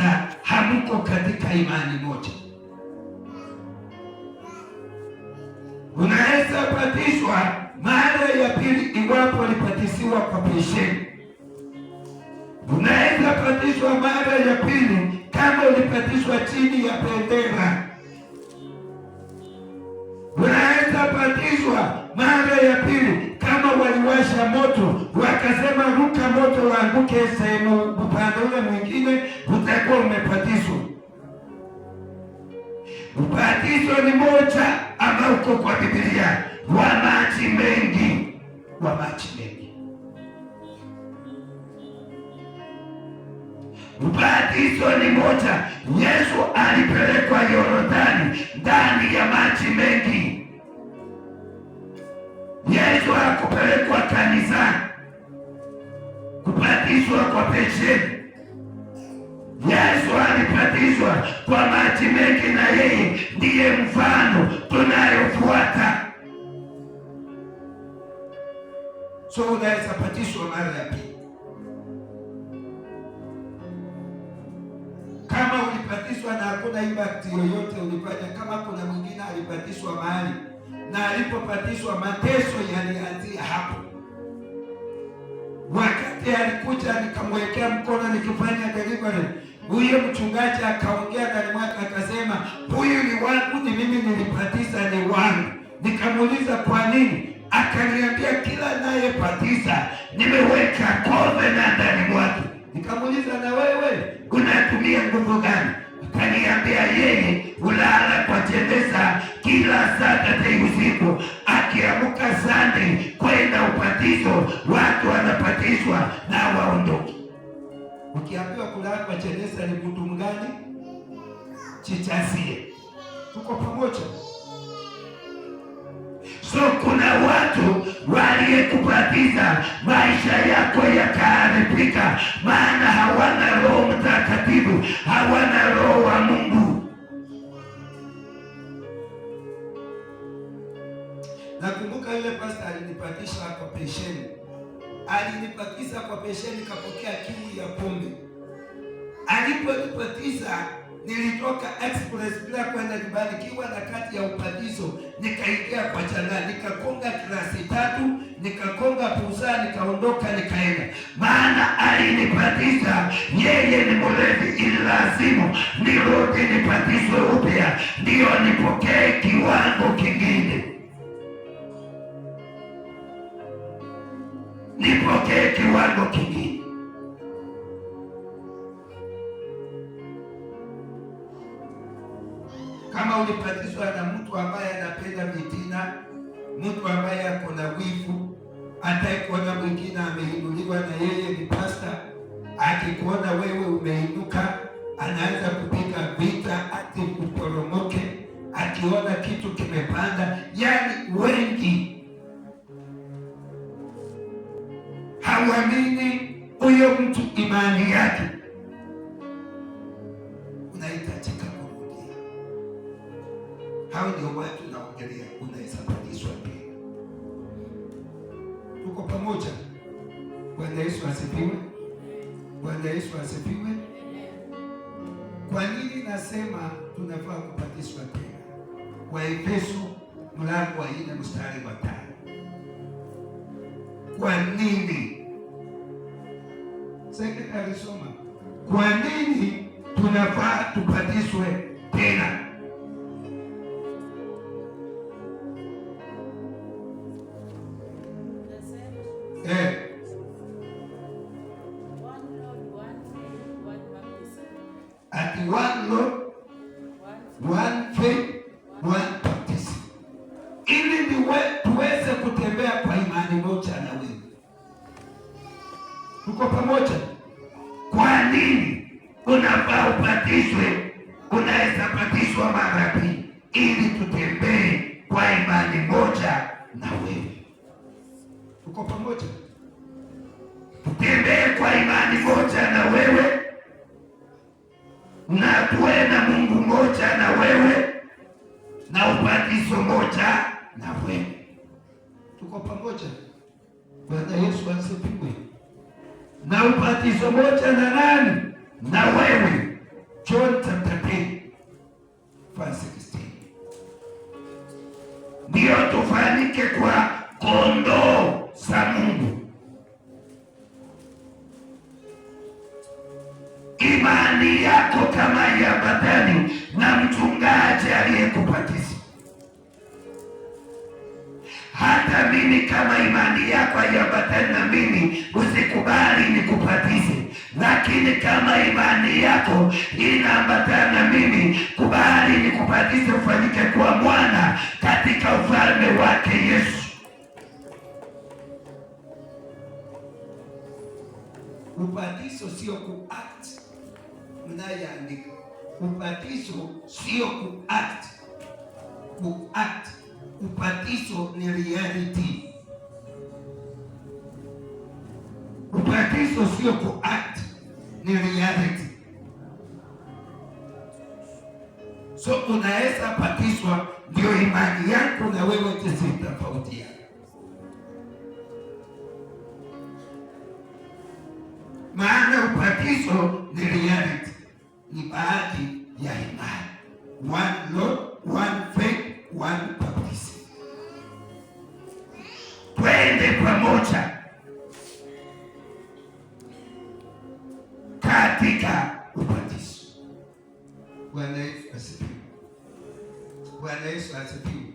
kanisa hamuko katika imani moja. Unaweza patishwa mara ya pili iwapo alipatisiwa kwa pesheni. Unaweza patishwa mara ya pili kama ulipatishwa chini ya bendera. Unaweza patishwa mara ya pili kama waliwasha moto wakasema, ruka moto waanguke sehemu upande ule mwingine yako umebatizwa. Ubatizo ni moja ama uko kwa Biblia wa maji mengi, wa maji mengi. Ubatizo ni moja. Yesu alipelekwa Yordani ndani ya maji mengi. Yesu hakupelekwa kanisa kubatizwa kwa pesheni Yesu alibatizwa kwa maji mengi, na yeye ndiye mfano tunayofuata. So unaweza batizwa mara ya pili kama ulibatizwa na hakuna ibakti yoyote ulifanya. Kama kuna mwingine alibatizwa mahali na alipobatizwa, mateso yalianzia hapo. Wakati alikuja nikamwekea mkono nikifanya delivery huyo mchungaji akaongea ndani mwake akasema, huyu ni wangu, ni mimi nilipatiza ni wangu. Nikamuuliza kwa nini? Akaniambia, kila anayebatiza nimeweka na ndani mwake. Nikamuuliza, na wewe unatumia nguvu gani? Akaniambia yeye ulala kwa jeneza kila Saturday usiku, akiamka Sunday kwenda upatizo watu wanapatizwa na waondoke. Ukiambiwa kulamba chenesa ni mtu mgani? Chichasie. Tuko pamoja? So kuna watu waliyekubatiza maisha yako yakaharibika, maana hawana Roho Mtakatifu, hawana Roho wa Mungu. Nakumbuka yule pasta alinipatisha hapa pesheni alinipatiza kwa pesheni nikapokea kiu ya pombe. Aliponipatiza nilitoka express bila kwenda nyumbani, kiwa na kati ya upatizo, nikaingia kwa jana, nikakonga kilasi tatu, nikakonga puza, nikaondoka, nikaenda. Maana alinipatiza yeye ni mlevi, ili lazimu nirudi nipatizwe upya, ndiyo nipokee kiwango kingine. nipokee kiwango kingine. Kama ulipatizwa na mtu ambaye anapenda mitina, mtu ambaye ako na wivu, atayekuona mwingine ameinuliwa na yeye ni pasta, akikuona wewe umeinuka, anaanza kupiga vita ati kuporomoke, akiona kitu kimepanda, yani wengi imani yake, unahitajika kurudia. Hao ndio watu naongelea, unahesabanishwa pia. Tuko pamoja. Bwana Yesu asifiwe! Bwana Yesu asifiwe! Kwa nini nasema tunafaa kubatizwa tena? Waefeso mlango wa nne mstari wa tano. Kwa nini? secondary alisoma, Kwa nini tunafaa tubatizwe tena? tuweze kutembea kwa imani moja na wewe. Tuko pamoja. na tuwe na Mungu mmoja na wewe na ubatizo moja na wewe, tuko pamoja. Bwana Yesu asifiwe. Na ubatizo moja na nani? Na wewe imani yako kama iambatani na mchungaji aliyekubatizwa. Hata mimi kama imani yako haiambatani na mimi, usikubali nikubatize, lakini kama imani yako inaambatana na mimi, kubali nikubatize, ufanyike kuwa mwana katika ufalme wake Yesu. Ubatizo sio kuact mnayoandika. Ubatizo sio kuact, kuact. Ubatizo ni reality. Ubatizo sio kuact, ni reality. So unaweza batizwa, ndio imani yako na wewe tisitafautiana. Maana ubatizo ni reality ni baadhi ya imani. One Lord, one faith, one baptism. Twende pamoja katika ubatizo. Bwana Yesu asifiwe. Bwana Yesu asifiwe.